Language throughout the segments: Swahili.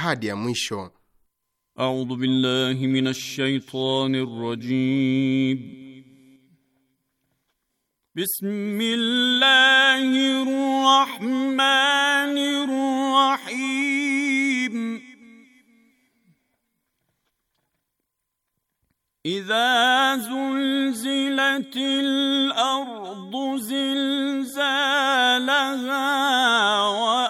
ahadi ya mwisho. A'udhu billahi minash shaitani rajim. Bismillahir rahmanir rahim. إذا زلزلت الأرض زلزالها وأ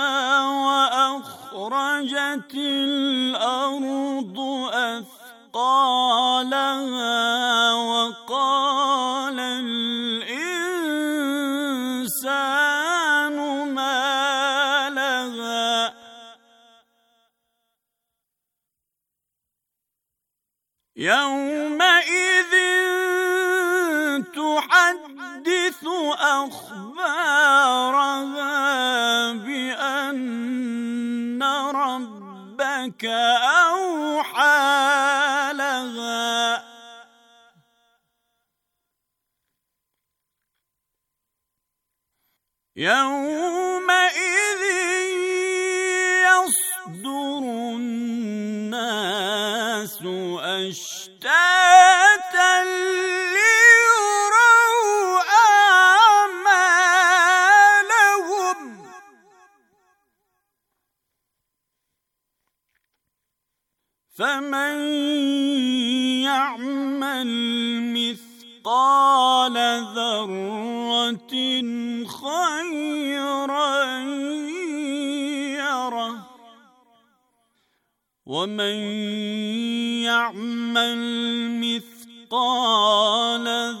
أخرجت الأرض أثقالها وقال الإنسان ما لها يومئذ تحدث أخبارها ربك أوحى لها يوم فمن يعمل مثقال ذره خيرا يره ومن يعمل مثقال ذره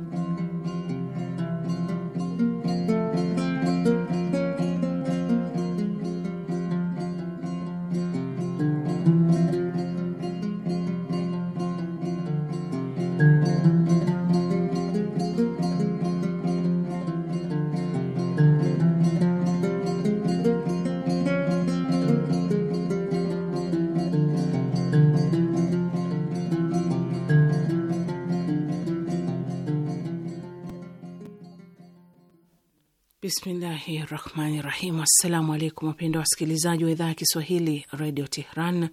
Bismillahi rahmani rahim. Assalamu alaikum wapendwa wasikilizaji wa idhaa ya Kiswahili radio Tehran.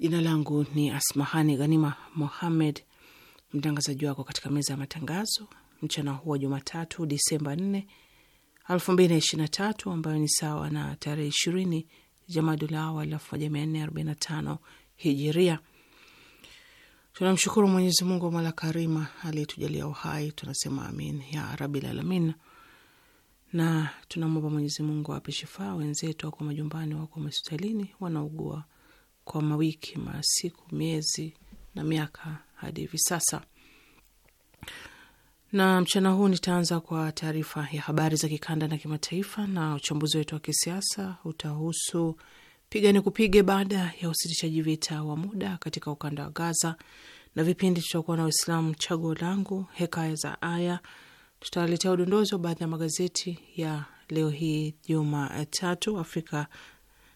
Jina langu ni Asmahani Ghanima Mohammed, mtangazaji wako katika meza ya matangazo mchana huu wa Jumatatu Disemba 4 2023, ambayo ni sawa na tarehe ishirini Jamadul Awal 1445 Hijiria. Tunamshukuru Mwenyezi Mungu wa karima aliyetujalia uhai, tunasema amin ya rabil alamin na tunamwomba Mwenyezi Mungu awape shifaa wenzetu wako majumbani, wako mahospitalini, wanaugua kwa mawiki, masiku, miezi na miaka hadi hivi sasa. Na mchana huu nitaanza kwa taarifa ya habari za kikanda na kimataifa, na uchambuzi wetu wa kisiasa utahusu pigani kupige baada ya usitishaji vita wa muda katika ukanda wa Gaza, na vipindi tutakuwa na Uislamu chaguo langu, hekaya za aya tutawaletea udondozi wa baadhi ya magazeti ya leo hii Jumatatu eh, Afrika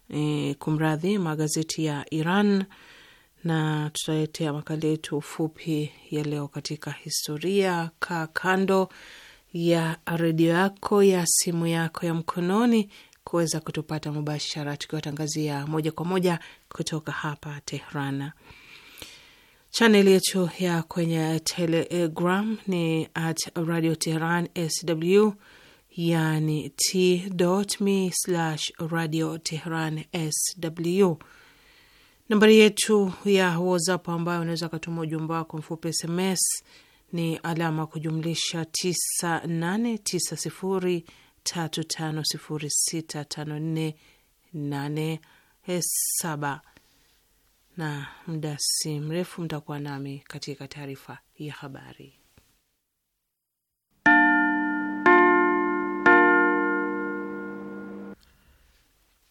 e, kumradhi, magazeti ya Iran na tutaletea makala yetu fupi ya leo katika historia. Kaa kando ya redio yako ya simu yako ya mkononi kuweza kutupata mubashara, tukiwatangazia moja kwa moja kutoka hapa Tehran. Chaneli yetu ya kwenye Telegram ni at Radio tehran sw, yani t.me slash Radio Tehran sw. Nambari yetu ya WhatsApp ambayo unaweza ukatuma ujumbe wako mfupi SMS ni alama kujumlisha 989035065487 na muda si mrefu mtakuwa nami katika taarifa ya habari.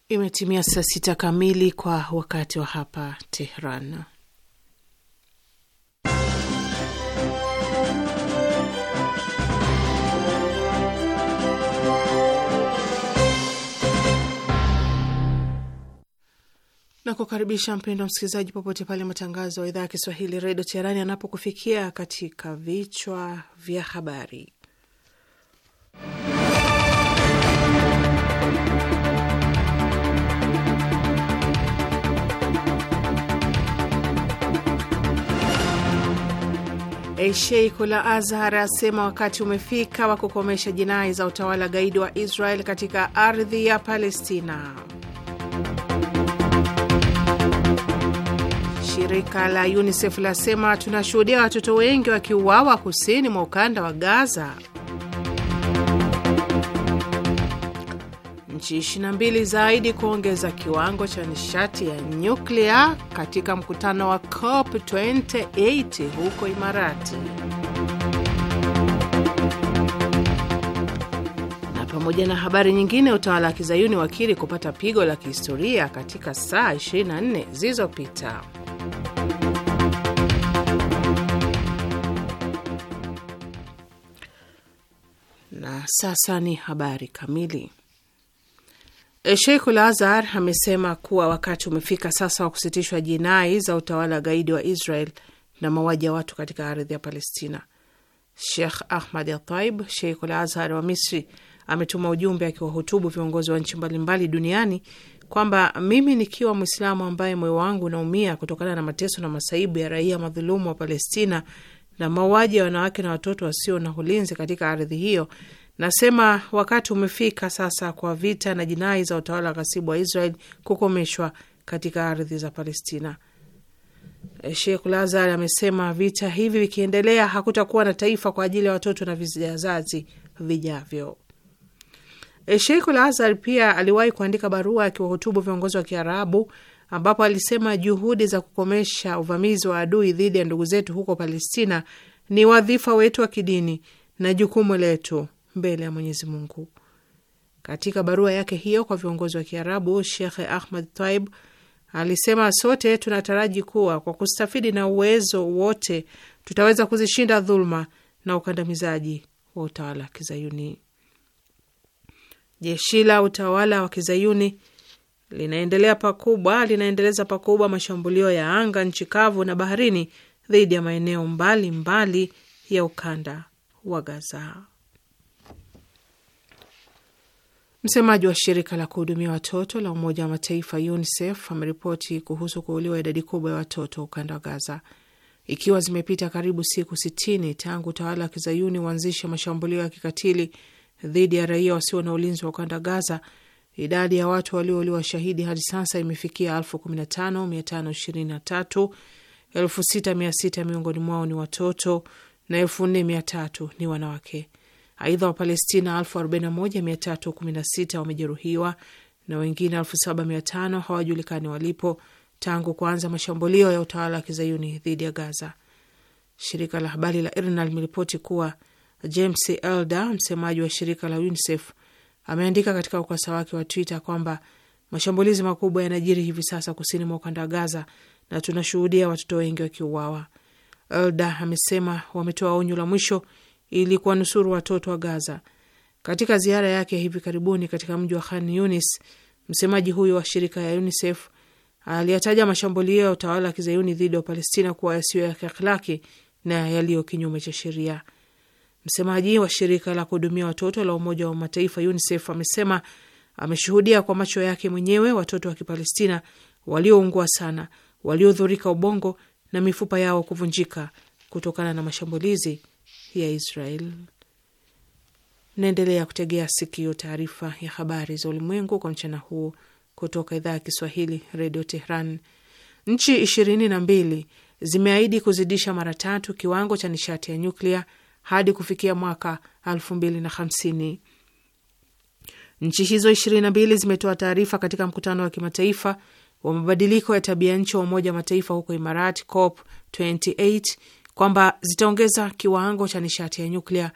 Imetimia saa sita kamili kwa wakati wa hapa Tehran. na kukaribisha mpendo wa msikilizaji popote pale matangazo ya idhaa ya Kiswahili redio Teherani yanapokufikia. Katika vichwa vya habari, Sheikh la Azhar asema wakati umefika wa kukomesha jinai za utawala gaidi wa Israel katika ardhi ya Palestina. Shirika la UNICEF lasema tunashuhudia watoto wengi wakiuawa kusini mwa ukanda wa Gaza. Nchi 22 zaidi kuongeza kiwango cha nishati ya nyuklia katika mkutano wa COP 28 huko Imarati. Na pamoja na habari nyingine, utawala wa kizayuni wakiri kupata pigo la kihistoria katika saa 24 zilizopita. Na sasa ni habari kamili. ul e, Azhar amesema kuwa wakati umefika sasa wa kusitishwa jinai za utawala wa gaidi wa Israel na mauaji ya watu katika ardhi ya Palestina. Sheikh Ahmad Ataib, Sheikul Azhar wa Misri, ametuma ujumbe akiwahutubu viongozi wa nchi mbalimbali duniani kwamba mimi nikiwa Mwislamu ambaye moyo wangu unaumia kutokana na mateso na masaibu ya raia madhulumu wa Palestina na mauaji ya wanawake na watoto wasio na ulinzi katika ardhi hiyo, Nasema wakati umefika sasa kwa vita na jinai za utawala ghasibu wa Israel kukomeshwa katika ardhi za Palestina. Eh, Sheikh Lazar amesema vita hivi vikiendelea, hakutakuwa na taifa kwa ajili ya watoto na vizazi vijavyo. Eh, Sheikh Lazar pia aliwahi kuandika barua akiwahutubu viongozi wa Kiarabu ambapo alisema juhudi za kukomesha uvamizi wa adui dhidi ya ndugu zetu huko Palestina ni wadhifa wetu wa kidini na jukumu letu mbele ya Mwenyezi Mungu. Katika barua yake hiyo kwa viongozi wa Kiarabu, Shekh Ahmad Taib alisema, sote tunataraji kuwa kwa kustafidi na uwezo wote tutaweza kuzishinda dhuluma na ukandamizaji wa utawala wa Kizayuni. Jeshi la utawala wa Kizayuni linaendelea pakubwa linaendeleza pakubwa mashambulio ya anga, nchi kavu na baharini dhidi ya maeneo mbalimbali mbali ya ukanda wa Gaza. Msemaji wa shirika la kuhudumia watoto la Umoja wa Mataifa UNICEF ameripoti kuhusu kuuliwa idadi kubwa ya watoto ukanda wa Gaza, ikiwa zimepita karibu siku sitini tangu utawala wa kizayuni uanzishe mashambulio ya kikatili dhidi ya raia wasio na ulinzi wa ukanda wa Gaza. Idadi ya watu waliouliwa shahidi hadi sasa imefikia 15523 6600 miongoni mwao ni watoto na 4300 ni wanawake. Aidha, Wapalestina 41316 wamejeruhiwa na wengine 7500 hawajulikani walipo tangu kuanza mashambulio ya utawala wa kizayuni dhidi ya Gaza. Shirika la habari la IRNA limeripoti kuwa James Elder, msemaji wa shirika la UNICEF, ameandika katika ukurasa wake wa Twitter kwamba mashambulizi makubwa yanajiri hivi sasa kusini mwa ukanda wa Gaza na tunashuhudia watoto wengi wakiuawa. Elder amesema wametoa onyo la mwisho ili kuwanusuru watoto wa Gaza. Katika ziara yake hivi karibuni katika mji wa Khan Yunis, msemaji huyo wa shirika ya UNICEF aliyataja mashambulio ya utawala wa kizayuni dhidi ya Palestina kuwa yasiyo ya kiakhlaki na yaliyo kinyume cha sheria. Msemaji wa shirika la kuhudumia watoto la Umoja wa Mataifa UNICEF amesema ameshuhudia kwa macho yake mwenyewe watoto wa Kipalestina walioungua sana, waliodhurika ubongo na mifupa yao kuvunjika kutokana na mashambulizi ya Israel. Naendelea kutegea sikio taarifa ya habari za ulimwengu kwa mchana huu kutoka idhaa ya Kiswahili redio Tehran. Nchi ishirini na mbili zimeahidi kuzidisha mara tatu kiwango cha nishati ya nyuklia hadi kufikia mwaka elfu mbili na hamsini. Nchi hizo ishirini na mbili zimetoa taarifa katika mkutano wa kimataifa wa mabadiliko ya tabia nchi wa Umoja wa Mataifa huko Imarat, COP kwamba zitaongeza kiwango cha nishati ya nyuklia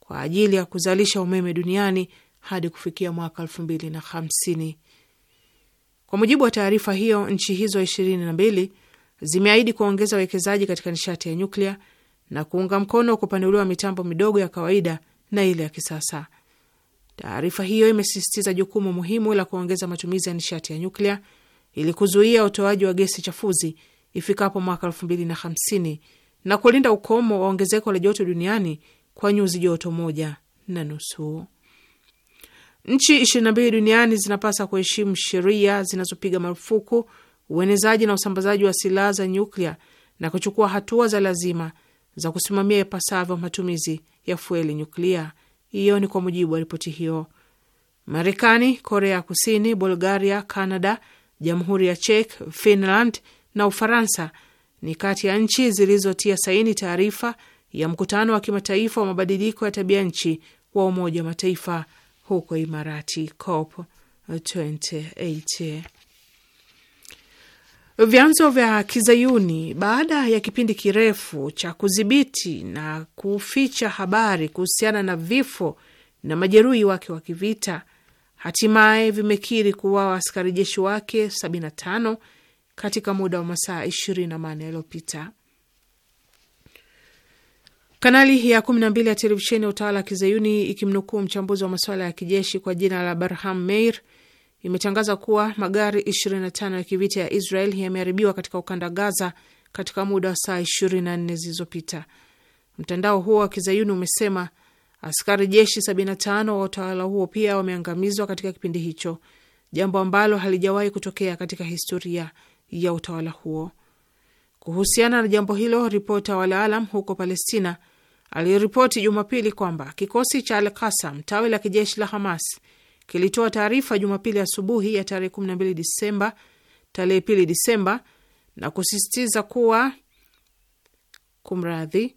kwa ajili ya kuzalisha umeme duniani hadi kufikia mwaka elfu mbili na hamsini. Kwa mujibu wa taarifa hiyo, nchi hizo ishirini na mbili zimeahidi kuongeza uwekezaji katika nishati ya nyuklia na kuunga mkono kupanuliwa mitambo midogo ya kawaida na ile ya kisasa. Taarifa hiyo imesisitiza jukumu muhimu la kuongeza matumizi ya nishati ya nyuklia ili kuzuia utoaji wa gesi chafuzi ifikapo mwaka elfu mbili na hamsini na kulinda ukomo wa ongezeko la joto duniani kwa nyuzi joto moja na nusu. Nchi ishirini na mbili duniani zinapasa kuheshimu sheria zinazopiga marufuku uenezaji na usambazaji wa silaha za nyuklia na kuchukua hatua za lazima za kusimamia ipasavyo matumizi ya fueli nyuklia. Hiyo ni kwa mujibu wa ripoti hiyo. Marekani, Korea Kusini, Bulgaria, Canada, Jamhuri ya Czech, Finland na Ufaransa ni kati ya nchi zilizotia saini taarifa ya mkutano wa kimataifa wa mabadiliko ya tabia nchi wa Umoja wa Mataifa huko Imarati, COP 28. Vyanzo vya kizayuni baada ya kipindi kirefu cha kudhibiti na kuficha habari kuhusiana na vifo na majeruhi wake wa kivita hatimaye vimekiri kuwa askari jeshi wake 75 katika muda wa masaa ishirini na yaliyopita. Kanali ya 12 ya televisheni ya utawala wa kizayuni ikimnukuu mchambuzi wa masuala ya kijeshi kwa jina la Barham Meir imetangaza kuwa magari 25 ya kivita ya Israel yameharibiwa katika ukanda Gaza katika muda wa saa 24 zilizopita. Mtandao huo wa kizayuni umesema askari jeshi 75 wa utawala huo pia wameangamizwa katika kipindi hicho, jambo ambalo halijawahi kutokea katika historia ya utawala huo. Kuhusiana na jambo hilo, ripota wa Al-Alam huko Palestina aliripoti Jumapili kwamba kikosi cha al kasam tawi la kijeshi la Hamas, kilitoa taarifa Jumapili asubuhi ya tarehe 12 Disemba, tarehe 2 Disemba, na kusisitiza kuwa kumradhi,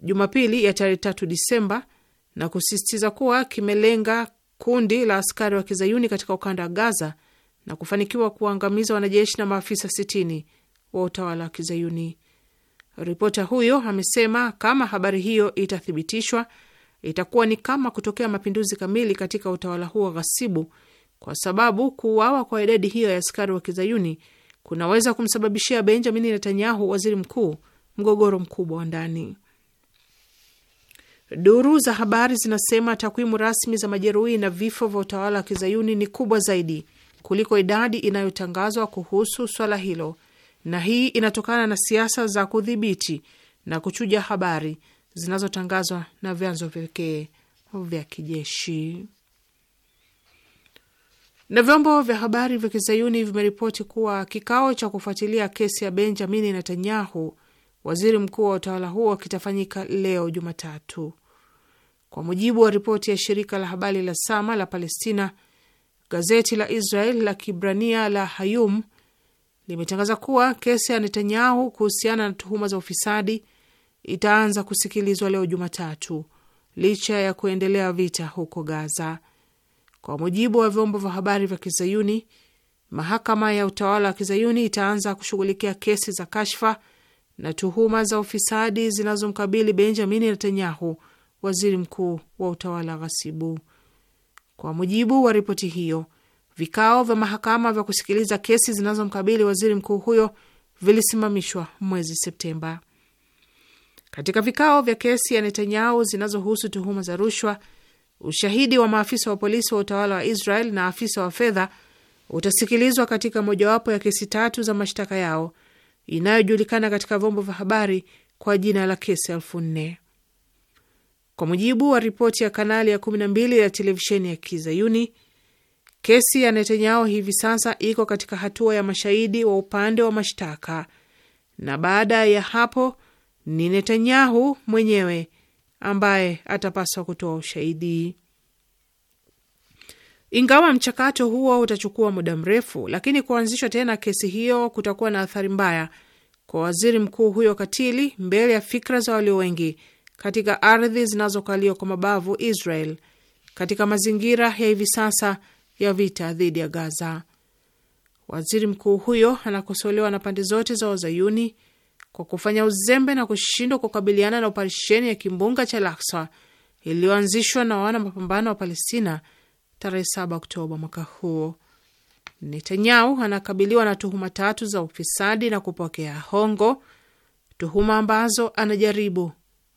Jumapili ya tarehe 3 Disemba, na kusisitiza kuwa kimelenga kundi la askari wa kizayuni katika ukanda wa Gaza na kufanikiwa kuwaangamiza wanajeshi na maafisa sitini wa utawala wa Kizayuni. Ripota huyo amesema kama habari hiyo itathibitishwa, itakuwa ni kama kutokea mapinduzi kamili katika utawala huo ghasibu, kwa sababu kuuawa kwa idadi hiyo ya askari wa Kizayuni kunaweza kumsababishia Benjamin Netanyahu, waziri mkuu, mgogoro mkubwa wa ndani. Duru za habari zinasema takwimu rasmi za majeruhi na vifo vya utawala wa Kizayuni ni kubwa zaidi kuliko idadi inayotangazwa kuhusu swala hilo, na hii inatokana na siasa za kudhibiti na kuchuja habari zinazotangazwa na vyanzo pekee vya kijeshi. Na vyombo vya habari vya kizayuni vimeripoti kuwa kikao cha kufuatilia kesi ya Benjamini Netanyahu, waziri mkuu wa utawala huo, kitafanyika leo Jumatatu, kwa mujibu wa ripoti ya shirika la habari la Sama la Palestina. Gazeti la Israel la Kibrania la Hayum limetangaza kuwa kesi ya Netanyahu kuhusiana na tuhuma za ufisadi itaanza kusikilizwa leo Jumatatu licha ya kuendelea vita huko Gaza. Kwa mujibu wa vyombo vya habari vya Kizayuni, mahakama ya utawala wa Kizayuni itaanza kushughulikia kesi za kashfa na tuhuma za ufisadi zinazomkabili Benjamin Netanyahu, waziri mkuu wa utawala ghasibu. Kwa mujibu wa ripoti hiyo, vikao vya mahakama vya kusikiliza kesi zinazomkabili waziri mkuu huyo vilisimamishwa mwezi Septemba. Katika vikao vya kesi ya Netanyahu zinazohusu tuhuma za rushwa, ushahidi wa maafisa wa polisi wa utawala wa Israel na afisa wa fedha utasikilizwa katika mojawapo ya kesi tatu za mashtaka yao inayojulikana katika vyombo vya habari kwa jina la kesi elfu nne. Kwa mujibu wa ripoti ya kanali ya 12 ya televisheni ya Kizayuni, kesi ya Netanyahu hivi sasa iko katika hatua ya mashahidi wa upande wa mashtaka, na baada ya hapo ni Netanyahu mwenyewe ambaye atapaswa kutoa ushahidi. Ingawa mchakato huo utachukua muda mrefu, lakini kuanzishwa tena kesi hiyo kutakuwa na athari mbaya kwa waziri mkuu huyo katili mbele ya fikra za walio wengi katika ardhi zinazokaliwa kwa mabavu Israel katika mazingira ya hivi sasa ya vita dhidi ya Gaza. Waziri mkuu huyo anakosolewa na pande zote za wazayuni kwa kufanya uzembe na kushindwa kukabiliana na operesheni ya kimbunga cha Al-Aqsa iliyoanzishwa na wana mapambano wa Palestina tarehe 7 Oktoba mwaka huo. Netanyahu anakabiliwa na tuhuma tatu za ufisadi na kupokea hongo, tuhuma ambazo anajaribu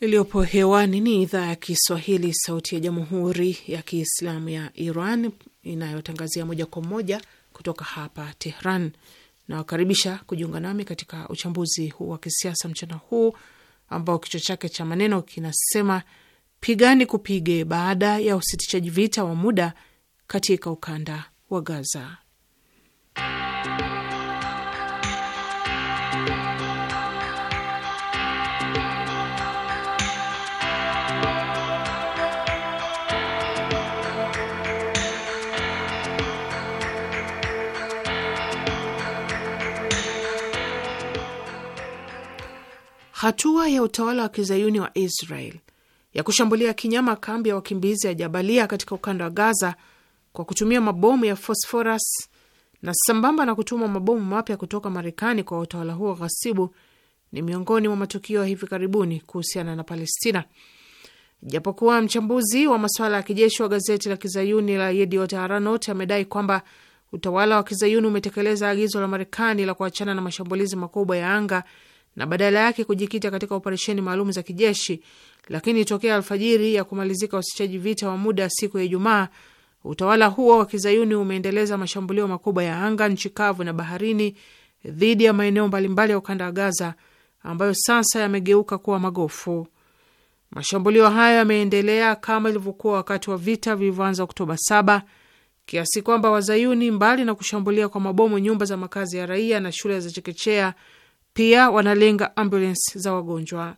iliyopo hewani ni idhaa ya Kiswahili, sauti ya jamhuri ya kiislamu ya Iran inayotangazia moja kwa moja kutoka hapa Tehran. Nawakaribisha kujiunga nami katika uchambuzi huu wa kisiasa mchana huu ambao kichwa chake cha maneno kinasema pigani kupige baada ya usitishaji vita wa muda katika ukanda wa Gaza. Hatua ya utawala wa kizayuni wa Israel ya kushambulia kinyama kambi ya wakimbizi ya Jabalia katika ukanda wa Gaza kwa kutumia mabomu ya phosphorus na sambamba na kutuma mabomu mapya kutoka Marekani kwa utawala huo ghasibu ni miongoni mwa matukio ya hivi karibuni kuhusiana na Palestina. Japokuwa mchambuzi wa masuala ya kijeshi wa gazeti la kizayuni la Yediot aranot amedai kwamba utawala wa kizayuni umetekeleza agizo la Marekani la kuachana na mashambulizi makubwa ya anga na badala yake kujikita katika operesheni maalum za kijeshi. Lakini tokea alfajiri ya kumalizika wasitishaji vita wa muda siku ya Ijumaa, utawala huo wa kizayuni umeendeleza mashambulio makubwa ya anga, nchi kavu na baharini dhidi ya maeneo mbalimbali ya ukanda wa Gaza ambayo sasa yamegeuka kuwa magofu. Mashambulio hayo yameendelea kama ilivyokuwa wakati wa vita vilivyoanza Oktoba 7 kiasi kwamba wazayuni mbali na kushambulia kwa mabomu nyumba za makazi ya raia na shule za chekechea pia wanalenga ambulance za wagonjwa.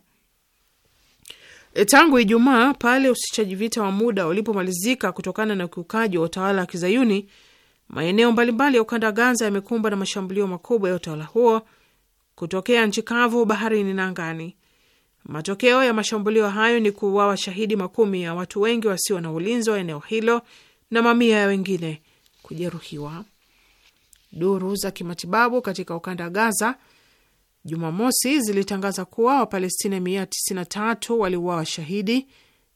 Tangu Ijumaa pale usitishaji vita wa muda ulipomalizika kutokana na ukiukaji wa utawala wa Kizayuni, maeneo mbalimbali ya ukanda Gaza yamekumbwa na mashambulio makubwa ya utawala huo kutokea nchi kavu, baharini na angani. Matokeo ya mashambulio hayo ni kuuawa shahidi makumi ya watu, wengi wasio na ulinzi wa eneo hilo, na mamia ya wengine kujeruhiwa. Duru za kimatibabu katika ukanda Gaza Jumamosi zilitangaza kuwa Wapalestina 193 waliuawa shahidi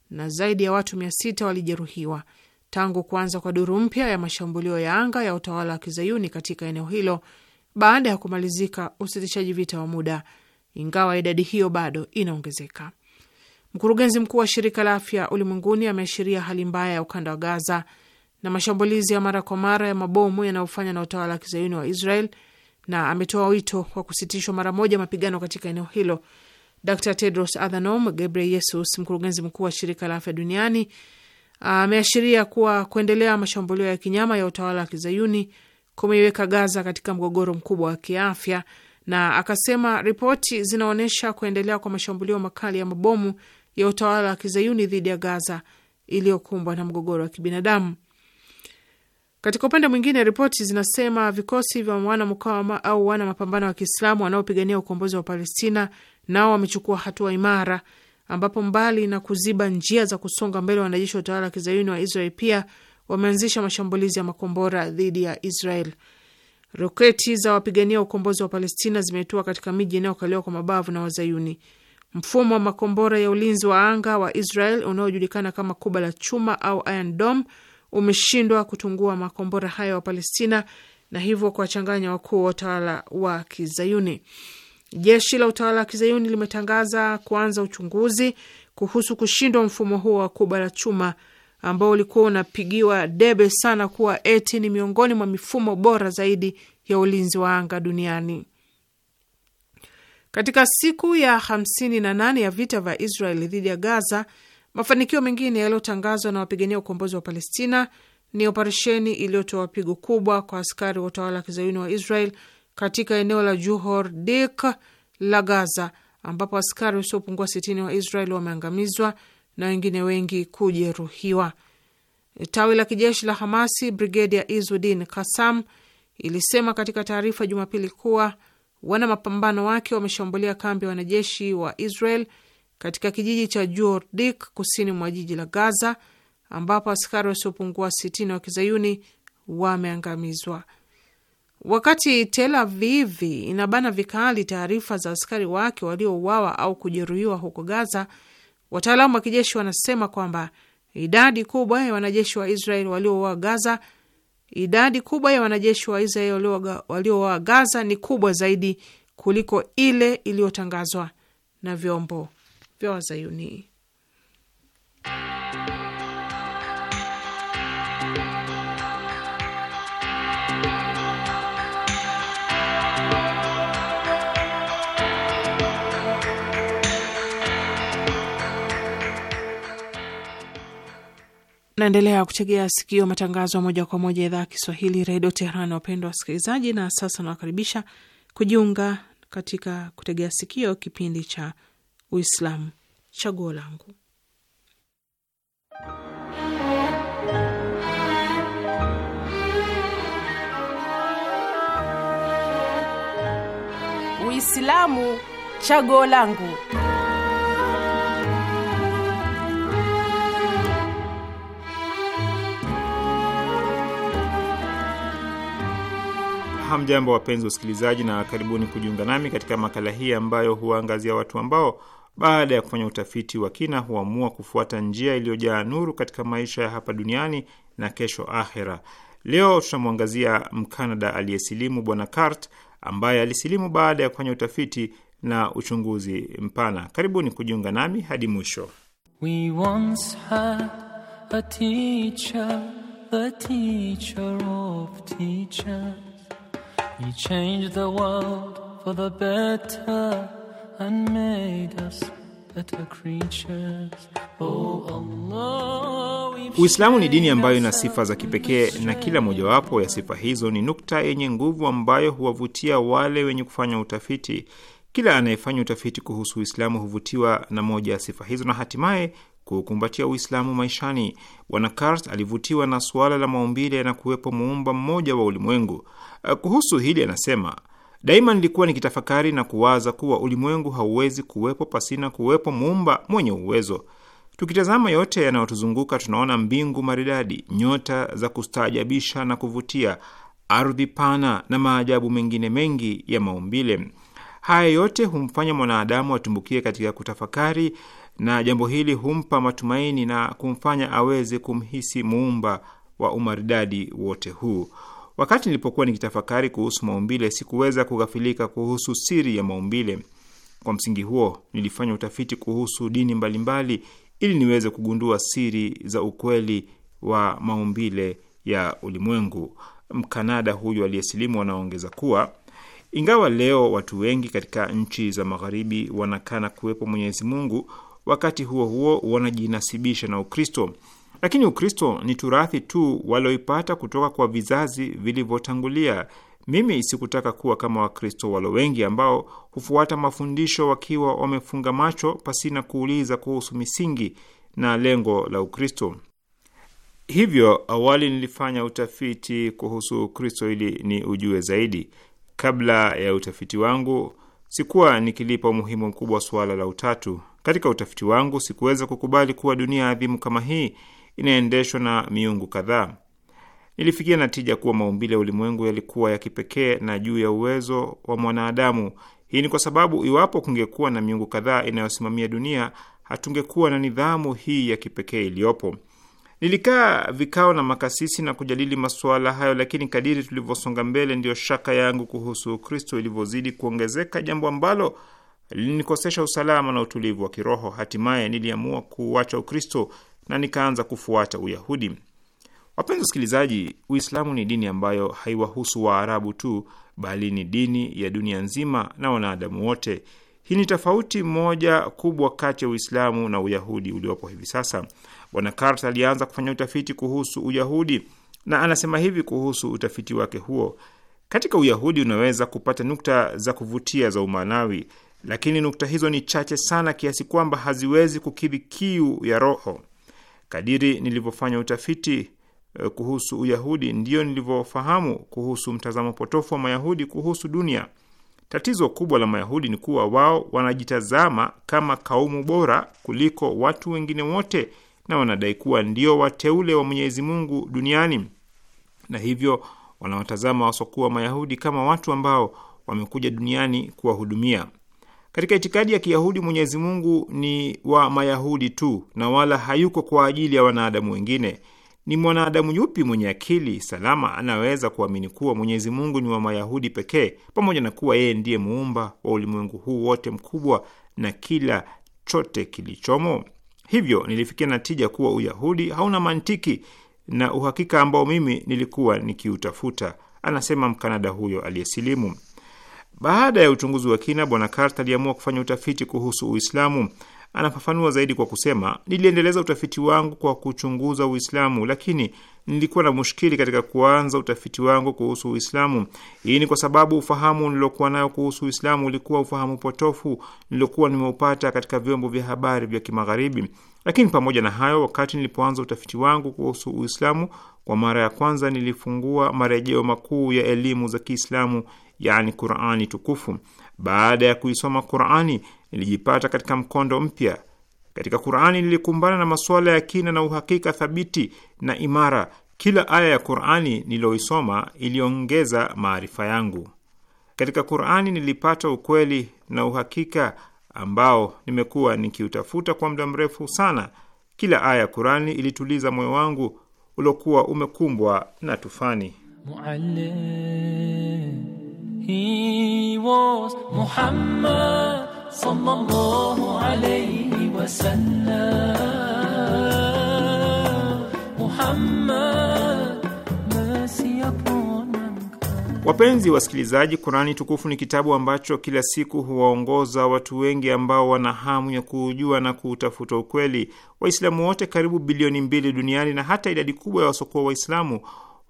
na zaidi ya watu 600 walijeruhiwa tangu kuanza kwa duru mpya ya mashambulio ya anga ya utawala wa kizayuni katika eneo hilo baada ya kumalizika usitishaji vita wa muda, ingawa idadi hiyo bado inaongezeka. Mkurugenzi mkuu wa shirika la afya ulimwenguni ameashiria hali mbaya ya ukanda wa Gaza na mashambulizi ya mara kwa mara ya mabomu yanayofanywa na utawala wa kizayuni wa Israel na ametoa wito wa kusitishwa mara moja mapigano katika eneo hilo. Dr Tedros Adhanom Ghebreyesus, mkurugenzi mkuu wa shirika la afya duniani, ameashiria kuwa kuendelea mashambulio ya kinyama ya utawala wa kizayuni kumeiweka Gaza katika mgogoro mkubwa wa kiafya, na akasema ripoti zinaonyesha kuendelea kwa mashambulio makali ya mabomu ya utawala wa kizayuni dhidi ya Gaza iliyokumbwa na mgogoro wa kibinadamu. Katika upande mwingine, ripoti zinasema vikosi vya wana mukawama au wana mapambano wa Kiislamu wanaopigania ukombozi wa Palestina nao wamechukua hatua wa imara, ambapo mbali na kuziba njia za kusonga mbele wanajeshi wa utawala wa kizayuni wa Israel pia wameanzisha mashambulizi ya makombora dhidi ya Israel. Roketi za wapigania ukombozi wa Palestina zimetua katika miji inayokaliwa kwa mabavu na Wazayuni. Mfumo wa makombora ya ulinzi wa anga wa Israel unaojulikana kama kuba la chuma au Iron Dome umeshindwa kutungua makombora hayo wa Palestina na hivyo kuwachanganya wakuu wa utawala wa Kizayuni. Jeshi la utawala wa Kizayuni limetangaza kuanza uchunguzi kuhusu kushindwa mfumo huo wa kuba la chuma ambao ulikuwa unapigiwa debe sana kuwa eti ni miongoni mwa mifumo bora zaidi ya ulinzi wa anga duniani. Katika siku ya 58 ya vita vya israel dhidi ya Gaza, Mafanikio mengine yaliyotangazwa na wapigania ukombozi wa Palestina ni operesheni iliyotoa pigo kubwa kwa askari wa utawala wa kizayuni wa Israel katika eneo la Juhor Dik la Gaza, ambapo askari wasiopungua sitini wa Israel wameangamizwa na wengine wengi kujeruhiwa. Tawi la kijeshi la Hamasi, brigedi ya Izudin Kasam, ilisema katika taarifa Jumapili kuwa wana mapambano wake wameshambulia kambi ya wanajeshi wa Israel katika kijiji cha Jordik kusini mwa jiji la Gaza, ambapo askari wasiopungua sitini wa kizayuni wameangamizwa. Wakati Tel Avivi inabana vikali taarifa za askari wake waliouawa au kujeruhiwa huko Gaza, wataalamu wa kijeshi wanasema kwamba idadi kubwa ya wanajeshi wa Israel waliouawa Gaza idadi kubwa ya wanajeshi wa Israel waliouawa Gaza ni kubwa zaidi kuliko ile iliyotangazwa na vyombo vya Wazayuni. Naendelea kutegea sikio matangazo moja kwa moja idhaa ya Kiswahili redio Teheran. Wapendwa wasikilizaji, na sasa nawakaribisha kujiunga katika kutegea sikio kipindi cha Uislamu chaguo langu. Uislamu chaguo langu. Hamjambo, wapenzi wa usikilizaji na karibuni kujiunga nami katika makala hii ambayo huwaangazia watu ambao baada ya kufanya utafiti wa kina huamua kufuata njia iliyojaa nuru katika maisha ya hapa duniani na kesho akhera. Leo tutamwangazia Mkanada aliyesilimu Bwana Cart ambaye alisilimu baada ya kufanya utafiti na uchunguzi mpana. Karibuni kujiunga nami hadi mwisho. He changed the world for the better and made us better creatures. Oh Allah, Uislamu ni dini ambayo ina sifa za kipekee na kila mojawapo ya sifa hizo ni nukta yenye nguvu ambayo huwavutia wale wenye kufanya utafiti. Kila anayefanya utafiti kuhusu Uislamu huvutiwa na moja ya sifa hizo na hatimaye kukumbatia Uislamu maishani. Bwana Kars alivutiwa na suala la maumbile na kuwepo muumba mmoja wa ulimwengu. Kuhusu hili anasema: Daima nilikuwa nikitafakari na kuwaza kuwa ulimwengu hauwezi kuwepo pasina kuwepo muumba mwenye uwezo. Tukitazama yote yanayotuzunguka tunaona mbingu maridadi, nyota za kustaajabisha na kuvutia, ardhi pana na maajabu mengine mengi ya maumbile. Haya yote humfanya mwanadamu atumbukie katika kutafakari, na jambo hili humpa matumaini na kumfanya aweze kumhisi muumba wa umaridadi wote huu. Wakati nilipokuwa nikitafakari kuhusu maumbile, sikuweza kughafilika kuhusu siri ya maumbile. Kwa msingi huo, nilifanya utafiti kuhusu dini mbalimbali ili niweze kugundua siri za ukweli wa maumbile ya ulimwengu. Mkanada huyu aliyesilimu anaongeza kuwa ingawa leo watu wengi katika nchi za magharibi wanakana kuwepo Mwenyezi Mungu, wakati huo huo wanajinasibisha na Ukristo. Lakini Ukristo ni turathi tu walioipata kutoka kwa vizazi vilivyotangulia. Mimi sikutaka kuwa kama Wakristo walo wengi ambao hufuata mafundisho wakiwa wamefunga macho pasina kuuliza kuhusu misingi na lengo la Ukristo. Hivyo awali nilifanya utafiti kuhusu Ukristo ili ni ujue zaidi. Kabla ya utafiti wangu sikuwa nikilipa umuhimu mkubwa suala la utatu. Katika utafiti wangu sikuweza kukubali kuwa dunia adhimu kama hii inaendeshwa na miungu kadhaa. Nilifikia natija kuwa maumbile ya ulimwengu yalikuwa ya kipekee na juu ya uwezo wa mwanadamu. Hii ni kwa sababu iwapo kungekuwa na miungu kadhaa inayosimamia dunia, hatungekuwa na nidhamu hii ya kipekee iliyopo. Nilikaa vikao na makasisi na kujadili masuala hayo, lakini kadiri tulivyosonga mbele, ndiyo shaka yangu kuhusu Ukristo ilivyozidi kuongezeka, jambo ambalo lilinikosesha usalama na utulivu wa kiroho. Hatimaye niliamua kuacha Ukristo na nikaanza kufuata Uyahudi. Wapenzi wasikilizaji, Uislamu ni dini ambayo haiwahusu Waarabu tu, bali ni dini ya dunia nzima na wanadamu wote. Hii ni tofauti moja kubwa kati ya Uislamu na Uyahudi uliopo hivi sasa. Bwana Kant alianza kufanya utafiti kuhusu Uyahudi na anasema hivi kuhusu utafiti wake huo: katika Uyahudi unaweza kupata nukta za kuvutia za umanawi lakini nukta hizo ni chache sana kiasi kwamba haziwezi kukidhi kiu ya roho. Kadiri nilivyofanya utafiti eh, kuhusu Uyahudi, ndiyo nilivyofahamu kuhusu mtazamo potofu wa Mayahudi kuhusu dunia. Tatizo kubwa la Mayahudi ni kuwa wao wanajitazama kama kaumu bora kuliko watu wengine wote, na wanadai kuwa ndio wateule wa Mwenyezi Mungu duniani, na hivyo wanawatazama wasokuwa Mayahudi kama watu ambao wamekuja duniani kuwahudumia. Katika itikadi ya Kiyahudi, Mwenyezi Mungu ni wa Mayahudi tu na wala hayuko kwa ajili ya wanadamu wengine. Ni mwanadamu yupi mwenye akili salama anaweza kuamini kuwa Mwenyezi Mungu ni wa Mayahudi pekee, pamoja na kuwa yeye ndiye muumba wa ulimwengu huu wote mkubwa na kila chote kilichomo? Hivyo nilifikia natija kuwa Uyahudi hauna mantiki na uhakika ambao mimi nilikuwa nikiutafuta, anasema Mkanada huyo aliyesilimu. Baada ya uchunguzi wa kina, Bwana Carter aliamua kufanya utafiti kuhusu Uislamu. Anafafanua zaidi kwa kusema, niliendeleza utafiti wangu kwa kuchunguza Uislamu, lakini nilikuwa na mushkili katika kuanza utafiti wangu kuhusu Uislamu. Hii ni kwa sababu ufahamu nilokuwa nayo kuhusu Uislamu ulikuwa ufahamu potofu niliokuwa nimeupata katika vyombo vya habari vya Kimagharibi. Lakini pamoja na hayo, wakati nilipoanza utafiti wangu kuhusu Uislamu kwa mara ya kwanza, nilifungua marejeo makuu ya elimu za Kiislamu yani Qurani tukufu. Baada ya kuisoma Qurani nilijipata katika mkondo mpya. Katika Qurani nilikumbana na masuala ya kina na uhakika thabiti na imara. Kila aya ya Qurani niliyoisoma iliongeza maarifa yangu. Katika Qurani nilipata ukweli na uhakika ambao nimekuwa nikiutafuta kwa muda mrefu sana. Kila aya ya Qurani ilituliza moyo wangu uliokuwa umekumbwa na tufani. Muallim He was Muhammad sallallahu alayhi wa sallam. Muhammad Wapenzi wasikilizaji, Kurani tukufu ni kitabu ambacho kila siku huwaongoza watu wengi ambao wana hamu ya kuujua na kuutafuta ukweli. Waislamu wote karibu bilioni mbili duniani na hata idadi kubwa ya wasokoa Waislamu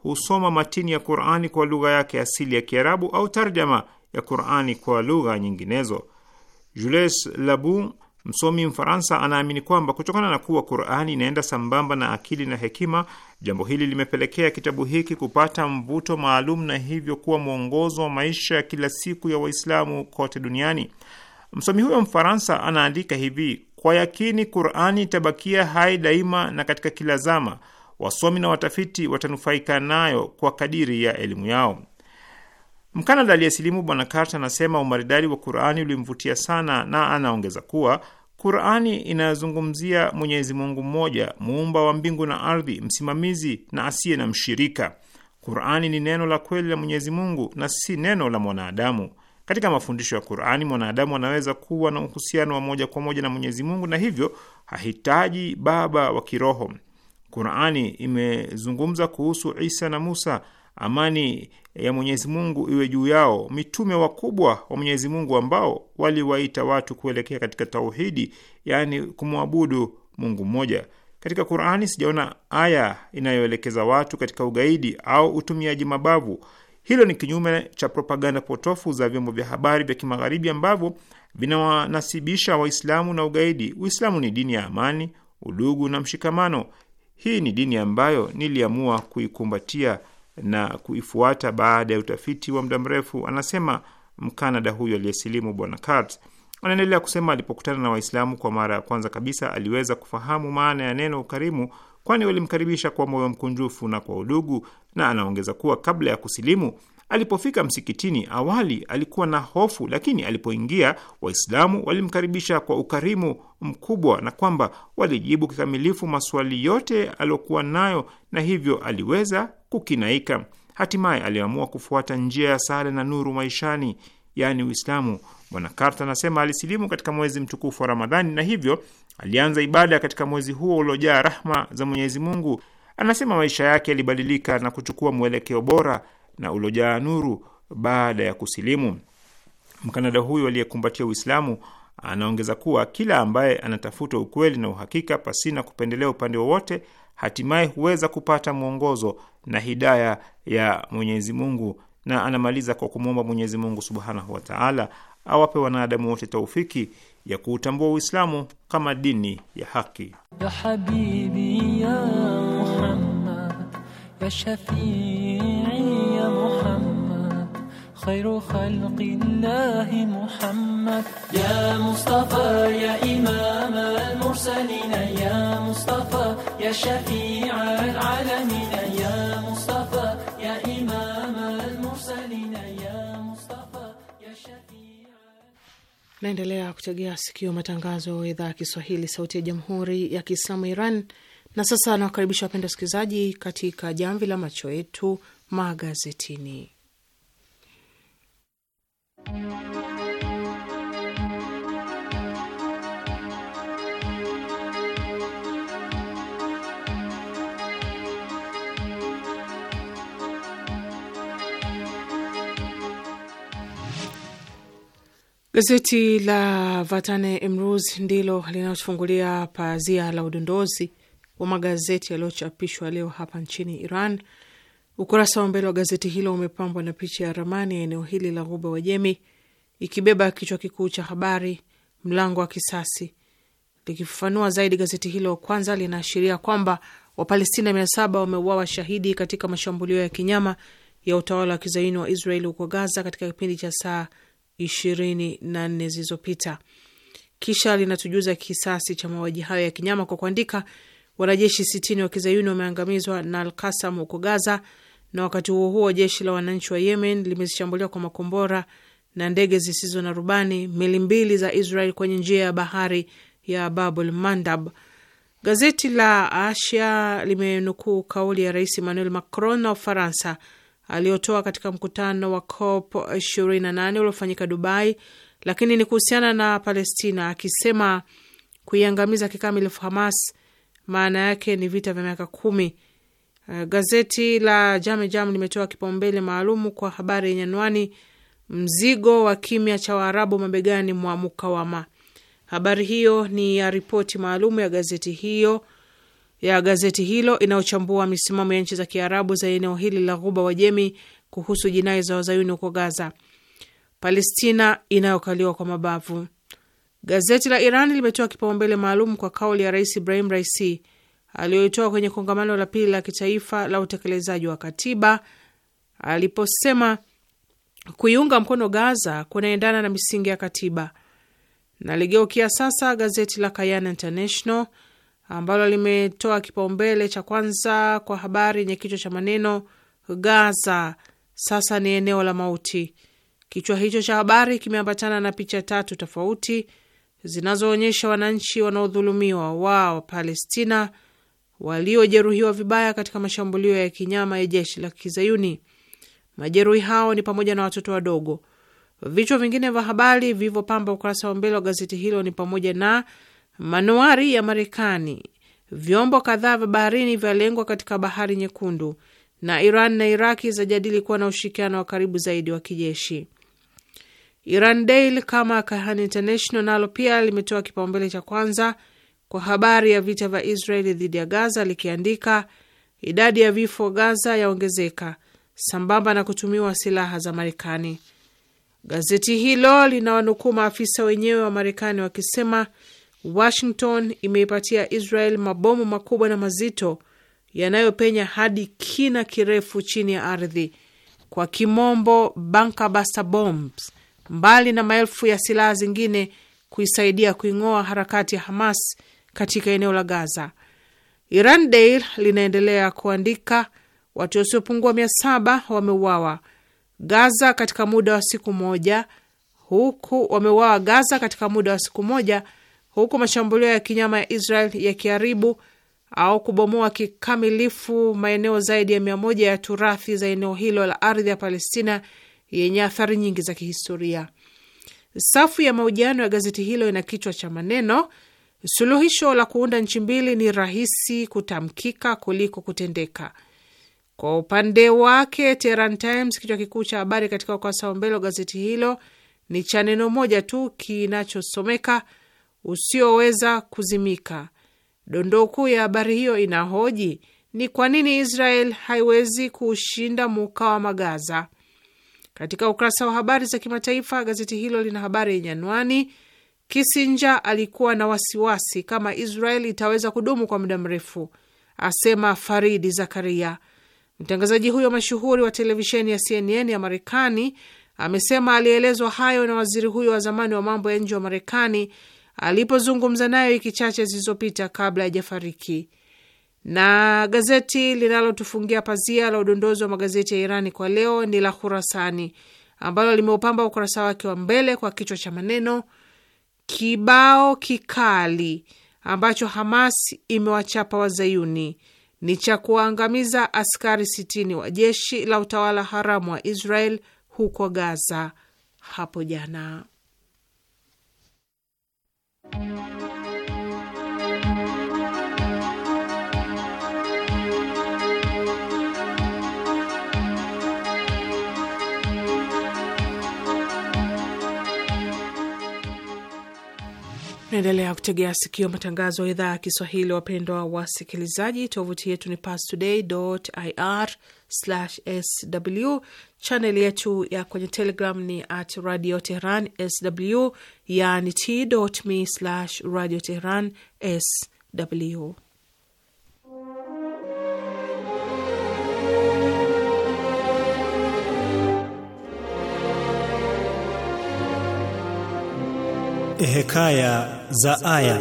husoma matini ya Qurani kwa lugha yake asili ya Kiarabu au tarjama ya Qurani kwa lugha nyinginezo. Jules Labou, msomi Mfaransa, anaamini kwamba kutokana na kuwa Qurani inaenda sambamba na akili na hekima, jambo hili limepelekea kitabu hiki kupata mvuto maalum na hivyo kuwa mwongozo wa maisha ya kila siku ya Waislamu kote duniani. Msomi huyo Mfaransa anaandika hivi: kwa yakini Qurani itabakia hai daima na katika kila zama wasomi na watafiti watanufaika nayo kwa kadiri ya elimu yao. Mkanada aliyesilimu Bwana Carter anasema umaridadi wa Qurani ulimvutia sana, na anaongeza kuwa Qurani inazungumzia Mwenyezi Mungu mmoja, muumba wa mbingu na ardhi, msimamizi na asiye na mshirika. Qurani ni neno la kweli la Mwenyezi Mungu na si neno la mwanadamu. Katika mafundisho ya Qurani, mwanadamu anaweza kuwa na uhusiano wa moja kwa moja na Mwenyezi Mungu na hivyo hahitaji baba wa kiroho. Qurani imezungumza kuhusu Isa na Musa, amani ya Mwenyezi Mungu iwe juu yao, mitume wakubwa wa Mwenyezi Mungu ambao waliwaita watu kuelekea katika tauhidi, yaani kumwabudu Mungu mmoja. Katika Qurani sijaona aya inayoelekeza watu katika ugaidi au utumiaji mabavu. Hilo ni kinyume cha propaganda potofu za vyombo vya habari vya kimagharibi ambavyo vinawanasibisha Waislamu na ugaidi. Uislamu ni dini ya amani, udugu na mshikamano. Hii ni dini ambayo niliamua kuikumbatia na kuifuata baada ya utafiti wa muda mrefu, anasema mkanada huyo aliyesilimu Bwana Katz. Anaendelea kusema alipokutana na Waislamu kwa mara ya kwanza kabisa aliweza kufahamu maana ya neno ukarimu, kwani walimkaribisha kwa moyo mkunjufu na kwa udugu, na anaongeza kuwa kabla ya kusilimu Alipofika msikitini, awali alikuwa na hofu, lakini alipoingia Waislamu walimkaribisha kwa ukarimu mkubwa na kwamba walijibu kikamilifu maswali yote aliyokuwa nayo na hivyo aliweza kukinaika. Hatimaye aliamua kufuata njia ya sare na nuru maishani, yaani Uislamu. Bwana Karta anasema alisilimu katika mwezi mtukufu wa Ramadhani na hivyo alianza ibada katika mwezi huo uliojaa rahma za Mwenyezi Mungu. Anasema maisha yake yalibadilika na kuchukua mwelekeo bora na uliojaa nuru baada ya kusilimu. Mkanada huyu aliyekumbatia Uislamu anaongeza kuwa kila ambaye anatafuta ukweli na uhakika pasina kupendelea upande wowote, hatimaye huweza kupata mwongozo na hidaya ya Mwenyezi Mungu, na anamaliza kwa kumwomba Mwenyezi Mungu subhanahu wa taala awape wanadamu wote taufiki ya kuutambua Uislamu kama dini ya haki ya habibi ya Muhammad, ya خير خلق الله محمد يا مصطفى يا إمام المرسلين يا مصطفى يا شفيع العالمين يا مصطفى يا إمام المرسلين يا مصطفى يا شفيع naendelea kutegea sikio matangazo ya idhaa ya Kiswahili sauti ya Jamhuri ya Kiislamu Iran. Na sasa nawakaribisha wapenda wasikilizaji katika jamvi la macho yetu magazetini. Gazeti la Vatane Emruz ndilo linalofungulia pazia la udondozi wa magazeti yaliyochapishwa leo hapa nchini Iran Ukurasa wa mbele wa gazeti hilo umepambwa na picha ya ramani ya eneo hili la ghuba Wajemi, ikibeba kichwa kikuu cha habari mlango wa kisasi. Likifafanua zaidi, gazeti hilo kwanza linaashiria kwamba Wapalestina mia saba wameuawa shahidi katika mashambulio ya kinyama ya utawala wa kizaini wa Israeli huko Gaza katika kipindi cha saa ishirini na nne zilizopita. Kisha linatujuza kisasi cha mauaji hayo ya kinyama kwa kuandika wanajeshi sitini wa kizayuni wameangamizwa na Alkasam huko Gaza na wakati huo huo jeshi la wananchi wa Yemen limezishambulia kwa makombora na ndege zisizo na rubani meli mbili za Israel kwenye njia ya bahari ya Babul Mandab. Gazeti la Asia limenukuu kauli ya Rais Emmanuel Macron wa Ufaransa aliyotoa katika mkutano wa COP 28 uliofanyika Dubai, lakini ni kuhusiana na Palestina, akisema kuiangamiza kikamilifu Hamas maana yake ni vita vya miaka kumi Eh, gazeti la Jame Jam limetoa kipaumbele maalumu kwa habari yenye anwani mzigo wa kimya cha Waarabu mabegani mwa Mukawama. Habari hiyo ni ya ripoti maalumu ya gazeti hiyo ya gazeti hilo inayochambua misimamo ya nchi za Kiarabu za eneo hili la Ghuba Wajemi kuhusu jinai za wazayuni huko Gaza, Palestina inayokaliwa kwa mabavu. Gazeti la Iran limetoa kipaumbele maalum kwa kauli ya Rais Ibrahim Raisi aliyoitoa kwenye kongamano la pili la kitaifa la utekelezaji wa katiba aliposema kuiunga mkono Gaza kunaendana na misingi ya katiba. Naligeukia sasa gazeti la Kayana International ambalo limetoa kipaumbele cha kwanza kwa habari yenye kichwa cha maneno Gaza sasa ni eneo la mauti. Kichwa hicho cha habari kimeambatana na picha tatu tofauti zinazoonyesha wananchi wanaodhulumiwa wa Palestina waliojeruhiwa vibaya katika mashambulio ya kinyama ya jeshi la Kizayuni. Majeruhi hao ni pamoja na watoto wadogo. Vichwa vingine vya habari vilivyopamba ukurasa wa mbele wa gazeti hilo ni pamoja na manuari ya Marekani, vyombo kadhaa vya baharini vyalengwa katika bahari Nyekundu, na Iran na Iraki zajadili kuwa na ushirikiano wa karibu zaidi wa kijeshi. Iran Daily kama Kahan International nalo pia limetoa kipaumbele cha kwanza kwa habari ya vita vya Israeli dhidi ya Gaza likiandika idadi ya vifo Gaza yaongezeka sambamba na kutumiwa silaha za Marekani. Gazeti hilo linawanukuu maafisa wenyewe wa Marekani wakisema Washington imeipatia Israel mabomu makubwa na mazito yanayopenya hadi kina kirefu chini ya ardhi, kwa kimombo bunker buster bombs, mbali na maelfu ya silaha zingine kuisaidia kuing'oa harakati ya Hamas katika eneo la Gaza. Iran Daily linaendelea kuandika watu wasiopungua mia saba wameuawa Gaza katika muda wa siku moja huku wameuawa Gaza katika muda wa siku moja huku mashambulio ya kinyama ya Israel yakiharibu au kubomoa kikamilifu maeneo zaidi ya mia moja ya turathi za eneo hilo la ardhi ya Palestina yenye athari nyingi za kihistoria. Safu ya mahojiano ya gazeti hilo ina kichwa cha maneno Suluhisho la kuunda nchi mbili ni rahisi kutamkika kuliko kutendeka. Kwa upande wake, Tehran Times, kichwa kikuu cha habari katika ukurasa wa mbele wa gazeti hilo ni cha neno moja tu kinachosomeka usioweza kuzimika. Dondoo kuu ya habari hiyo inahoji ni kwa nini Israel haiwezi kuushinda mukawama Gaza. Katika ukurasa wa habari za kimataifa, gazeti hilo lina habari yenye anwani Kissinger alikuwa na wasiwasi kama Israel itaweza kudumu kwa muda mrefu, asema Faridi Zakaria. Mtangazaji huyo mashuhuri wa televisheni ya CNN ya Marekani amesema alielezwa hayo na waziri huyo wa zamani wa mambo ya nje wa Marekani alipozungumza naye wiki chache zilizopita kabla hajafariki. Na gazeti linalotufungia pazia la udondozi wa magazeti ya Irani kwa leo ni la Khurasani ambalo limeupamba ukurasa wake wa mbele kwa kichwa cha maneno Kibao kikali ambacho Hamas imewachapa wazayuni ni cha kuangamiza askari sitini wa jeshi la utawala haramu wa Israel huko Gaza hapo jana. Naendelea kutegea sikio matangazo ya idhaa ya Kiswahili. Wapendwa wasikilizaji, tovuti yetu ni pastoday.ir/sw. Chaneli yetu ya kwenye Telegram ni at radio tehran sw, yaani t.me/radio tehran sw. Eh, hekaya za Aya.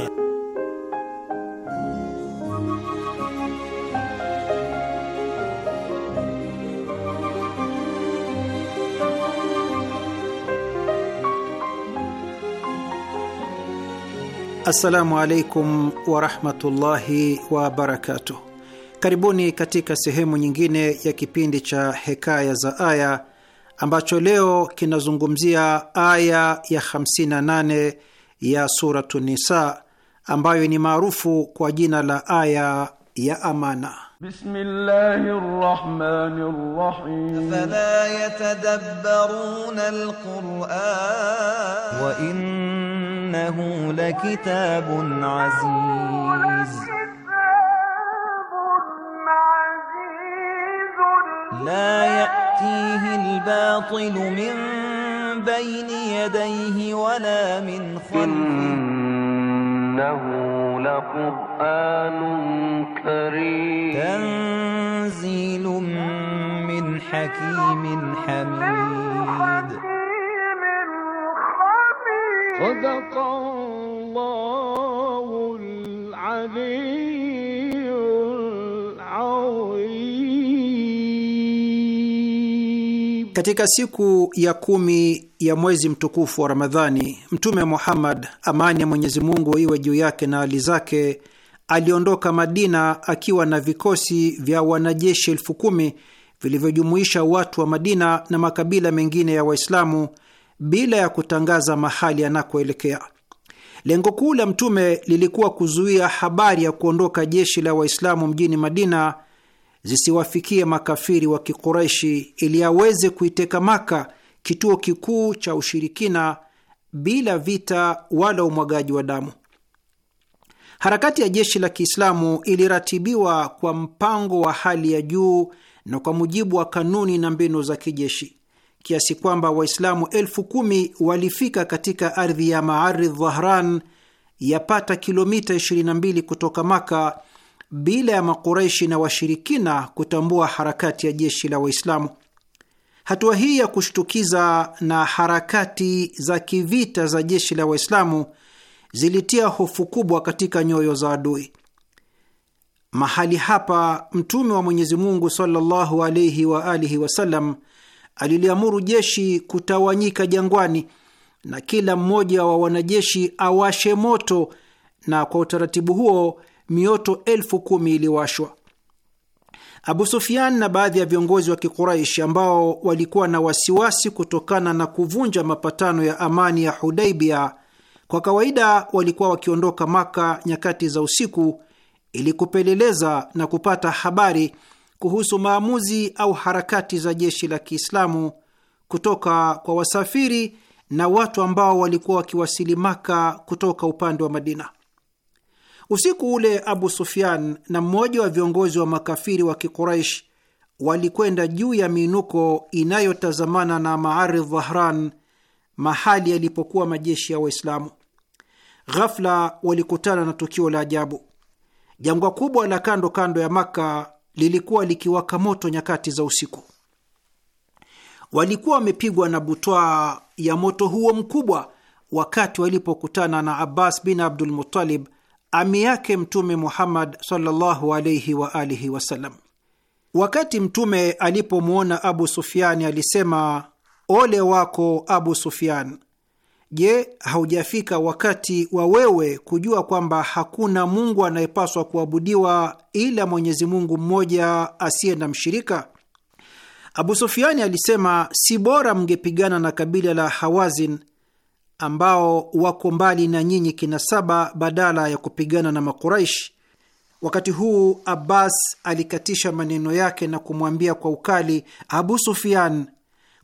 Assalamu alaikum warahmatullahi wabarakatuh. Karibuni katika sehemu nyingine ya kipindi cha Hekaya za Aya ambacho leo kinazungumzia aya ya 58 ya Suratu Nisa ambayo ni maarufu kwa jina la aya ya amana. rahim. yatadabbaruna wa innahu lakitabun aziz لا يأتيه الباطل من بين يديه ولا من خلفه إنه لقرآن كريم تنزيل من حكيم حميد صدق الله العليم Katika siku ya kumi ya mwezi mtukufu wa Ramadhani, Mtume Muhammad, amani ya Mwenyezi Mungu iwe juu yake na hali zake, aliondoka Madina akiwa na vikosi vya wanajeshi elfu kumi vilivyojumuisha watu wa Madina na makabila mengine ya Waislamu bila ya kutangaza mahali anakoelekea. Lengo kuu la Mtume lilikuwa kuzuia habari ya kuondoka jeshi la Waislamu mjini Madina zisiwafikie makafiri wa Kikureshi ili aweze kuiteka Maka, kituo kikuu cha ushirikina, bila vita wala umwagaji wa damu. Harakati ya jeshi la Kiislamu iliratibiwa kwa mpango wa hali ya juu na kwa mujibu wa kanuni na mbinu za kijeshi kiasi kwamba Waislamu elfu kumi walifika katika ardhi ya Maari Dhahran, yapata kilomita 22 kutoka Maka bila ya Makureshi na washirikina kutambua harakati ya jeshi la Waislamu. Hatua hii ya kushtukiza na harakati za kivita za jeshi la Waislamu zilitia hofu kubwa katika nyoyo za adui. Mahali hapa Mtume wa Mwenyezi Mungu sallallahu alaihi wa alihi wasallam aliliamuru jeshi kutawanyika jangwani na kila mmoja wa wanajeshi awashe moto, na kwa utaratibu huo mioto elfu kumi iliwashwa. Abu Sufian na baadhi ya viongozi wa Kikuraishi ambao walikuwa na wasiwasi kutokana na kuvunja mapatano ya amani ya Hudaibia, kwa kawaida walikuwa wakiondoka Maka nyakati za usiku ili kupeleleza na kupata habari kuhusu maamuzi au harakati za jeshi la Kiislamu kutoka kwa wasafiri na watu ambao walikuwa wakiwasili Maka kutoka upande wa Madina. Usiku ule Abu Sufyan na mmoja wa viongozi wa makafiri wa Kikuraish walikwenda juu ya miinuko inayotazamana na Maari Dhahran, mahali yalipokuwa majeshi ya Waislamu. Ghafla walikutana na tukio la ajabu. Jangwa kubwa la kando kando ya Makka lilikuwa likiwaka moto nyakati za usiku. Walikuwa wamepigwa na butwaa ya moto huo mkubwa wakati walipokutana na Abbas bin Abdul Muttalib ami yake Mtume Muhammad sallallahu wa alihi wasallam. Wakati Mtume alipomwona Abu Sufyani alisema, ole wako Abu Sufian, je, haujafika wakati wa wewe kujua kwamba hakuna Mungu anayepaswa kuabudiwa ila Mwenyezi Mungu mmoja asiye na mshirika? Abu Sufiani alisema, si bora mngepigana na kabila la Hawazin ambao wako mbali na nyinyi kinasaba badala ya kupigana na Makuraish. Wakati huu Abbas alikatisha maneno yake na kumwambia kwa ukali Abu Sufyan,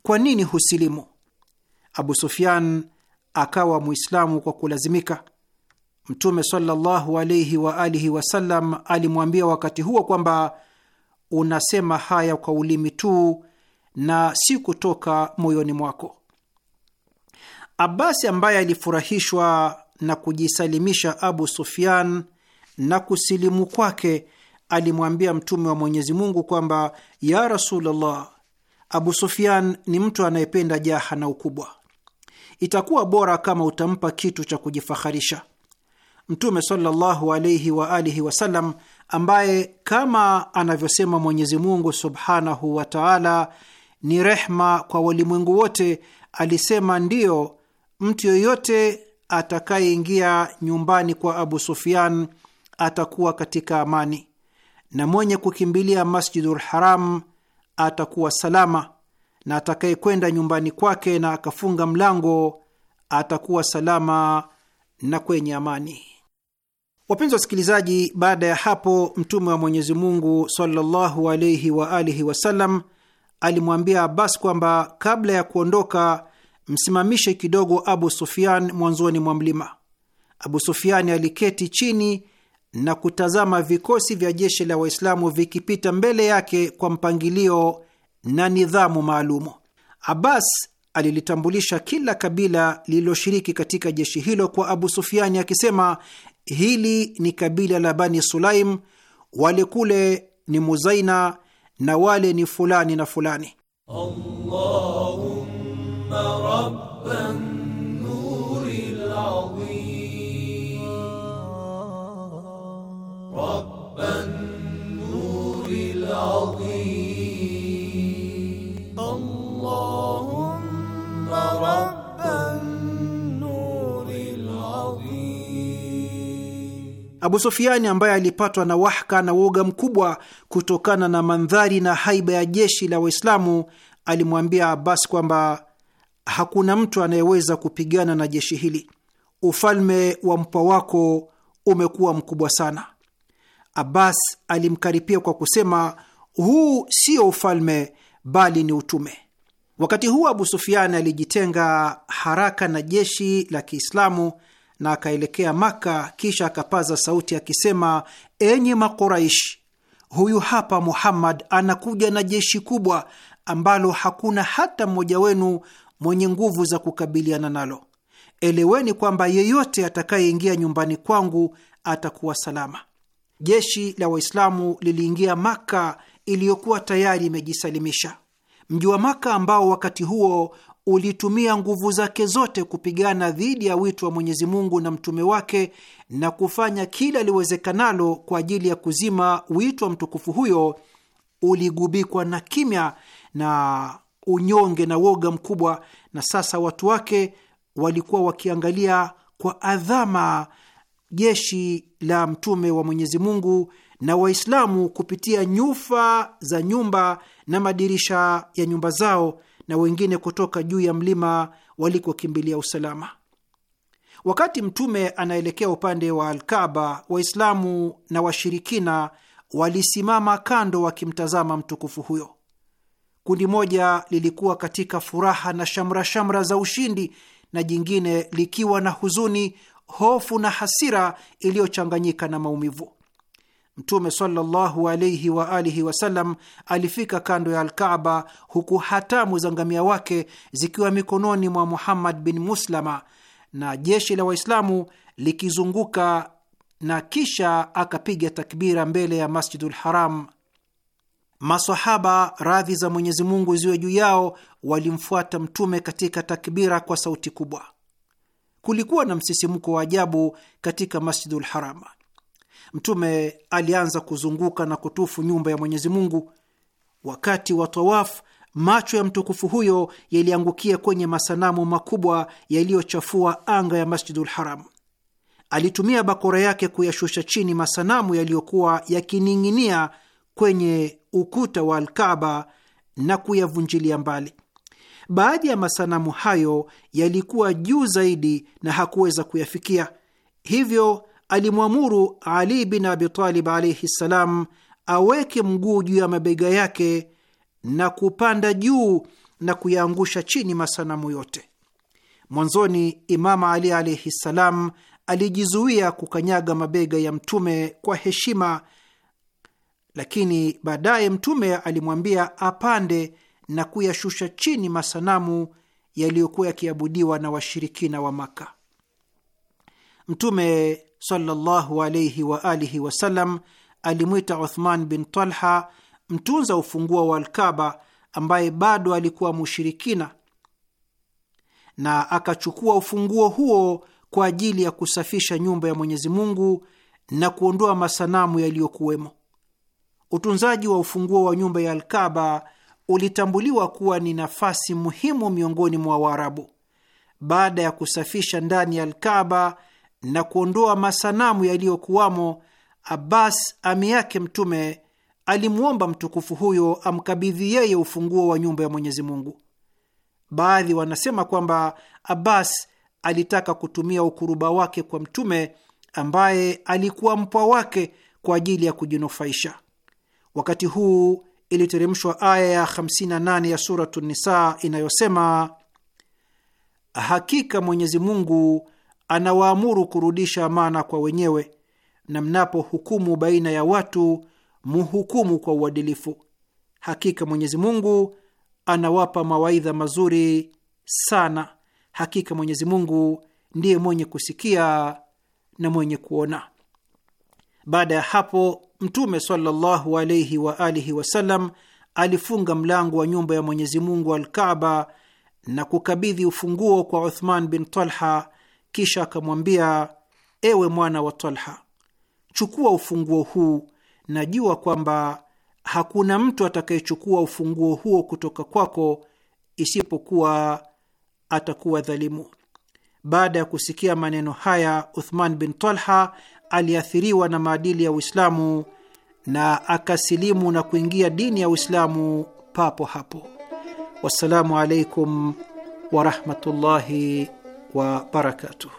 kwa nini husilimu? Abu Sufyan akawa Mwislamu kwa kulazimika. Mtume sallallahu wa alihi wasallam alimwambia wakati huo kwamba unasema haya kwa ulimi tu na si kutoka moyoni mwako. Abasi ambaye alifurahishwa na kujisalimisha Abu Sufyan na kusilimu kwake, alimwambia Mtume wa Mwenyezi Mungu kwamba ya Rasulullah, Abu Sufyan ni mtu anayependa jaha na ukubwa. Itakuwa bora kama utampa kitu cha kujifaharisha. Mtume sallallahu wa alihi wasallam, ambaye kama anavyosema Mwenyezi Mungu subhanahu wa taala ni rehma kwa walimwengu wote, alisema ndiyo mtu yoyote atakayeingia nyumbani kwa Abu Sufyan atakuwa katika amani na mwenye kukimbilia Masjidul Haram atakuwa salama, na atakayekwenda nyumbani kwake na akafunga mlango atakuwa salama na kwenye amani. Wapenzi wasikilizaji, baada ya hapo Mtume wa Mwenyezi Mungu sallallahu alaihi wa alihi wasallam alimwambia Abbas kwamba kabla ya kuondoka msimamishe kidogo Abu Sufyan mwanzoni mwa mlima. Abu Sufiani aliketi chini na kutazama vikosi vya jeshi la Waislamu vikipita mbele yake kwa mpangilio na nidhamu maalumu. Abbas alilitambulisha kila kabila lililoshiriki katika jeshi hilo kwa Abu Sufiani akisema, hili ni kabila la Bani Sulaim, wale kule ni Muzaina na wale ni fulani na fulani Allah. Abu sufiani ambaye alipatwa na wahka na woga mkubwa kutokana na mandhari na haiba ya jeshi la Waislamu alimwambia Abbas kwamba hakuna mtu anayeweza kupigana na jeshi hili. Ufalme wa mpwa wako umekuwa mkubwa sana. Abbas alimkaripia kwa kusema, huu sio ufalme bali ni utume. Wakati huo Abu Sufiani alijitenga haraka na jeshi la Kiislamu na akaelekea Maka, kisha akapaza sauti akisema, enyi Makoraishi, huyu hapa Muhammad anakuja na jeshi kubwa ambalo hakuna hata mmoja wenu mwenye nguvu za kukabiliana nalo. Eleweni kwamba yeyote atakayeingia nyumbani kwangu atakuwa salama. Jeshi la Waislamu liliingia Maka iliyokuwa tayari imejisalimisha. Mji wa Maka ambao wakati huo ulitumia nguvu zake zote kupigana dhidi ya wito wa Mwenyezi Mungu na mtume wake na kufanya kila liwezekanalo kwa ajili ya kuzima wito wa mtukufu huyo, uligubikwa na kimya na unyonge na woga mkubwa, na sasa watu wake walikuwa wakiangalia kwa adhama jeshi la mtume wa Mwenyezi Mungu na Waislamu kupitia nyufa za nyumba na madirisha ya nyumba zao, na wengine kutoka juu ya mlima walikokimbilia usalama. Wakati mtume anaelekea upande wa Alkaba, Waislamu na washirikina walisimama kando wakimtazama mtukufu huyo. Kundi moja lilikuwa katika furaha na shamra shamra za ushindi na jingine likiwa na huzuni, hofu na hasira iliyochanganyika na maumivu. Mtume sallallahu wa alihi wasallam alifika kando ya Alkaaba huku hatamu za ngamia wake zikiwa mikononi mwa Muhammad bin Muslama na jeshi la Waislamu likizunguka, na kisha akapiga takbira mbele ya Masjidul Haram. Masahaba radhi za Mwenyezi Mungu ziwe juu yao walimfuata Mtume katika takbira kwa sauti kubwa. Kulikuwa na msisimko wa ajabu katika Masjidul Harama. Mtume alianza kuzunguka na kutufu nyumba ya Mwenyezi Mungu. Wakati wa tawafu, macho ya mtukufu huyo yaliangukia kwenye masanamu makubwa yaliyochafua anga ya Masjidul Haram. Alitumia bakora yake kuyashusha chini masanamu yaliyokuwa yakining'inia kwenye ukuta wa Alkaba na kuyavunjilia mbali. Baadhi ya masanamu hayo yalikuwa juu zaidi na hakuweza kuyafikia, hivyo alimwamuru Ali bin Abitalib alaihi ssalam aweke mguu juu ya mabega yake na kupanda juu na kuyaangusha chini masanamu yote. Mwanzoni Imamu Ali alaihi ssalam alijizuia kukanyaga mabega ya Mtume kwa heshima lakini baadaye Mtume alimwambia apande na kuyashusha chini masanamu yaliyokuwa yakiabudiwa na washirikina wa Maka. Mtume sallallahu alayhi wa alihi wasallam alimwita Uthman bin Talha, mtunza ufunguo wa Alkaba, ambaye bado alikuwa mushirikina, na akachukua ufunguo huo kwa ajili ya kusafisha nyumba ya Mwenyezi Mungu na kuondoa masanamu yaliyokuwemo. Utunzaji wa ufunguo wa nyumba ya Alkaba ulitambuliwa kuwa ni nafasi muhimu miongoni mwa Waarabu. Baada ya kusafisha ndani ya Alkaba na kuondoa masanamu yaliyokuwamo, Abbas ami yake Mtume alimwomba mtukufu huyo amkabidhi yeye ufunguo wa nyumba ya Mwenyezi Mungu. Baadhi wanasema kwamba Abbas alitaka kutumia ukuruba wake kwa Mtume ambaye alikuwa mpwa wake kwa ajili ya kujinufaisha. Wakati huu iliteremshwa aya ya 58 ya Suratu Nisa inayosema, hakika Mwenyezi Mungu anawaamuru kurudisha amana kwa wenyewe, na mnapohukumu baina ya watu muhukumu kwa uadilifu. Hakika Mwenyezi Mungu anawapa mawaidha mazuri sana. Hakika Mwenyezi Mungu ndiye mwenye kusikia na mwenye kuona. Baada ya hapo Mtume sallallahu wa alihi wasallam alifunga mlango wa nyumba ya Mwenyezi Mungu Alkaaba na kukabidhi ufunguo kwa Uthman bin Talha, kisha akamwambia: ewe mwana wa Talha, chukua ufunguo huu, najua kwamba hakuna mtu atakayechukua ufunguo huo kutoka kwako isipokuwa atakuwa dhalimu. Baada ya kusikia maneno haya, Uthman bin Talha aliathiriwa na maadili ya Uislamu na akasilimu na kuingia dini ya Uislamu papo hapo. Wassalamu alaikum warahmatullahi wabarakatuh.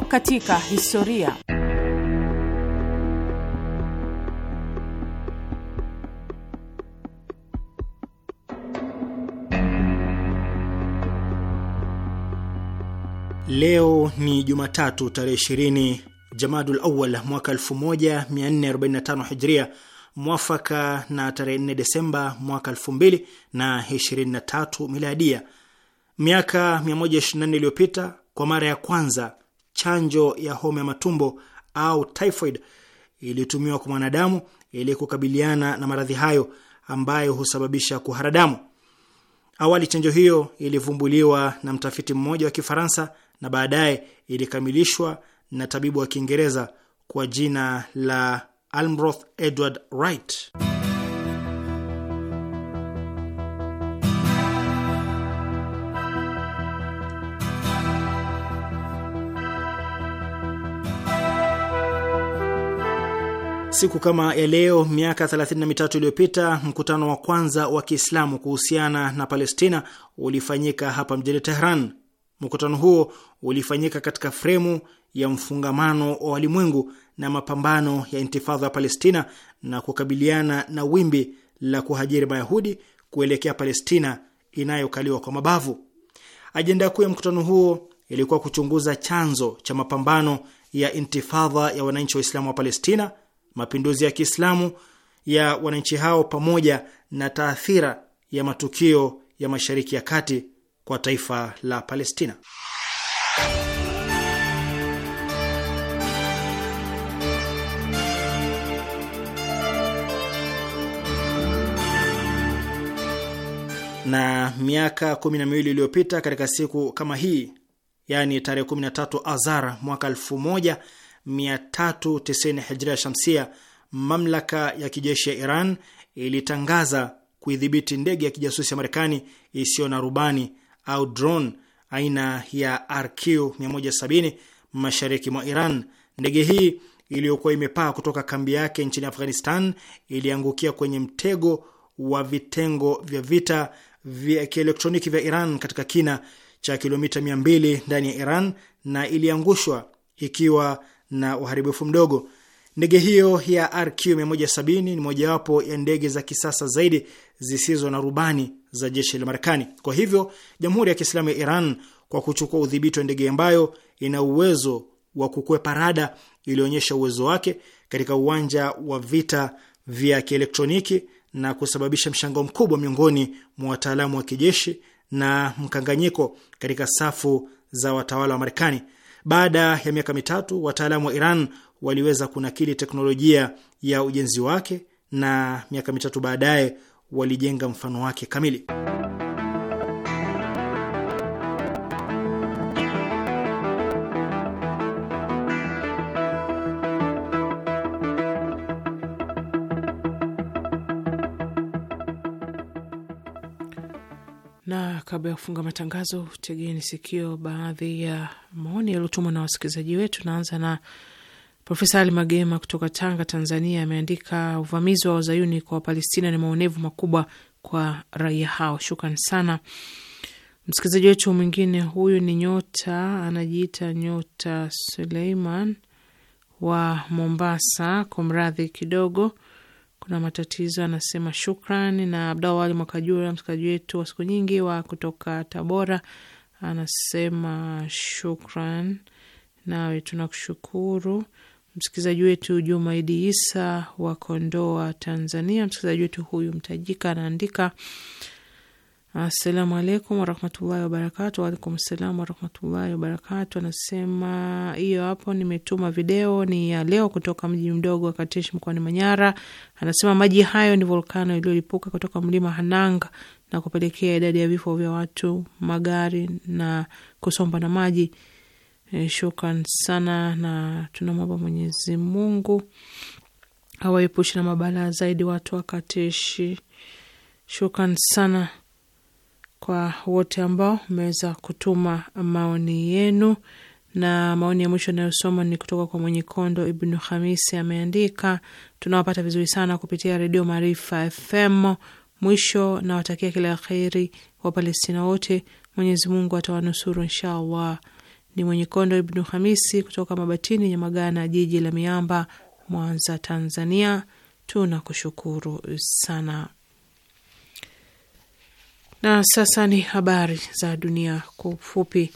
katika historia. Leo ni Jumatatu tarehe 20 Jamadul Awal mwaka 1445 Hijria, mwafaka na tarehe 4 Desemba mwaka 2023 Miladia. Miaka 124 iliyopita, kwa mara ya kwanza chanjo ya homa ya matumbo au typhoid iliyotumiwa kwa mwanadamu ili kukabiliana na maradhi hayo ambayo husababisha kuhara damu. Awali chanjo hiyo ilivumbuliwa na mtafiti mmoja wa Kifaransa na baadaye ilikamilishwa na tabibu wa Kiingereza kwa jina la Almroth Edward Wright. siku kama ya leo miaka 33 iliyopita mkutano wa kwanza wa Kiislamu kuhusiana na Palestina ulifanyika hapa mjini Tehran. Mkutano huo ulifanyika katika fremu ya mfungamano wa walimwengu na mapambano ya intifadha ya Palestina na kukabiliana na wimbi la kuhajiri Mayahudi kuelekea Palestina inayokaliwa kwa mabavu. Ajenda kuu ya mkutano huo ilikuwa kuchunguza chanzo cha mapambano ya intifadha ya wananchi Islamu wa Palestina mapinduzi ya Kiislamu ya wananchi hao pamoja na taathira ya matukio ya Mashariki ya Kati kwa taifa la Palestina. Na miaka kumi na miwili iliyopita katika siku kama hii, yaani tarehe 13 Azar mwaka elfu moja 390 hijria shamsia, mamlaka ya kijeshi ya Iran ilitangaza kuidhibiti ndege ya kijasusi ya Marekani isiyo na rubani au drone aina ya RQ 170 mashariki mwa Iran. Ndege hii iliyokuwa imepaa kutoka kambi yake nchini Afghanistan iliangukia kwenye mtego wa vitengo vya vita vya kielektroniki vya Iran katika kina cha kilomita 200 ndani ya Iran na iliangushwa ikiwa na uharibifu mdogo. Ndege hiyo ya RQ 170 ni mojawapo ya ndege za kisasa zaidi zisizo na rubani za jeshi la Marekani. Kwa hivyo, Jamhuri ya Kiislamu ya Iran kwa kuchukua udhibiti wa ndege ambayo ina uwezo wa kukwepa rada, ilionyesha uwezo wake katika uwanja wa vita vya kielektroniki na kusababisha mshango mkubwa miongoni mwa wataalamu wa kijeshi na mkanganyiko katika safu za watawala wa Marekani. Baada ya miaka mitatu, wataalamu wa Iran waliweza kunakili teknolojia ya ujenzi wake na miaka mitatu baadaye walijenga mfano wake kamili. kabla ya kufunga matangazo, tegeni sikio baadhi ya maoni yaliyotumwa na wasikilizaji wetu. Naanza na Profesa Ali Magema kutoka Tanga, Tanzania. Ameandika, uvamizi wa wazayuni kwa Wapalestina ni maonevu makubwa kwa raia hao. Shukran sana msikilizaji wetu mwingine. Huyu ni Nyota, anajiita Nyota Suleiman wa Mombasa. Kumradhi kidogo kuna matatizo anasema. Shukran. Na Abdawali Mwakajura, msikaji wetu wa siku nyingi wa kutoka Tabora, anasema shukran. Nawe tunakushukuru msikilizaji wetu Jumaidi Isa wa Kondoa, Tanzania. Msikilizaji wetu huyu mtajika anaandika Assalamu alaikum warahmatullahi wabarakatu. Waalaikum salam warahmatullahi wabarakatu. Anasema hiyo hapo, nimetuma video ni ya leo kutoka mji mdogo wa mkoani Manyara. Anasema maji hayo ni volkano iliyolipuka kutoka mlima Hananga na kupelekea idadi ya vifo vya watu, magari na kusomba na maji. E, shukran sana, na tunamwomba Mwenyezi Mungu awaepushe na mabalaa zaidi watu wa Shukran sana kwa wote ambao mmeweza kutuma maoni yenu. Na maoni ya mwisho anayosoma ni kutoka kwa mwenye kondo Ibnu Hamisi, ameandika tunawapata vizuri sana kupitia Redio Maarifa FM. Mwisho nawatakia kila kheri kheri Wapalestina wote, Mwenyezi Mungu atawanusuru inshallah. Ni mwenye kondo Ibnu Hamisi kutoka Mabatini, Nyamagana, jiji la miamba, Mwanza, Tanzania. Tunakushukuru sana. Na sasa ni habari za dunia kwa ufupi.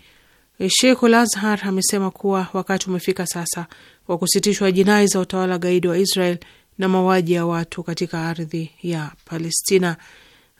Sheikh Al-Azhar amesema kuwa wakati umefika sasa wa kusitishwa jinai za utawala gaidi wa Israel na mauaji ya watu katika ardhi ya Palestina.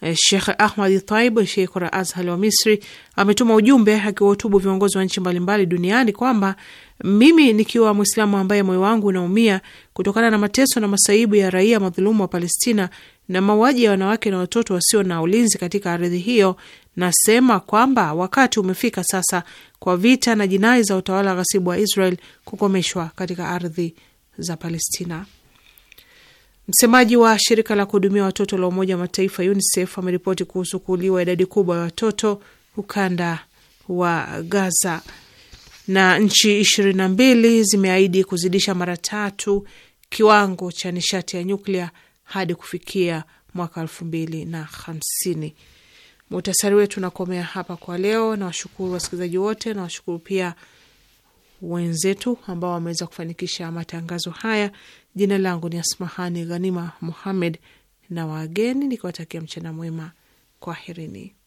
Eh, shekh Ahmad Taib, Sheikh Al-Azhar wa Misri, ametuma ujumbe akiwahutubu viongozi wa nchi mbalimbali duniani kwamba mimi nikiwa Mwislamu ambaye moyo wangu unaumia kutokana na mateso na masaibu ya raia madhulumu wa Palestina na mauaji ya wanawake na watoto wasio na ulinzi katika ardhi hiyo, nasema kwamba wakati umefika sasa kwa vita na jinai za utawala ghasibu wa Israel kukomeshwa katika ardhi za Palestina. Msemaji wa shirika la kuhudumia watoto la Umoja wa Mataifa UNICEF ameripoti kuhusu kuuliwa idadi kubwa ya watoto ukanda wa Gaza, na nchi ishirini na mbili zimeahidi kuzidisha mara tatu kiwango cha nishati ya nyuklia hadi kufikia mwaka elfu mbili na hamsini. Muhtasari wetu unakomea hapa kwa leo. Nawashukuru wasikilizaji wote, nawashukuru pia wenzetu ambao wameweza kufanikisha matangazo haya. Jina langu ni Asmahani Ghanima Muhammed na wageni nikiwatakia mchana mwema, kwaherini.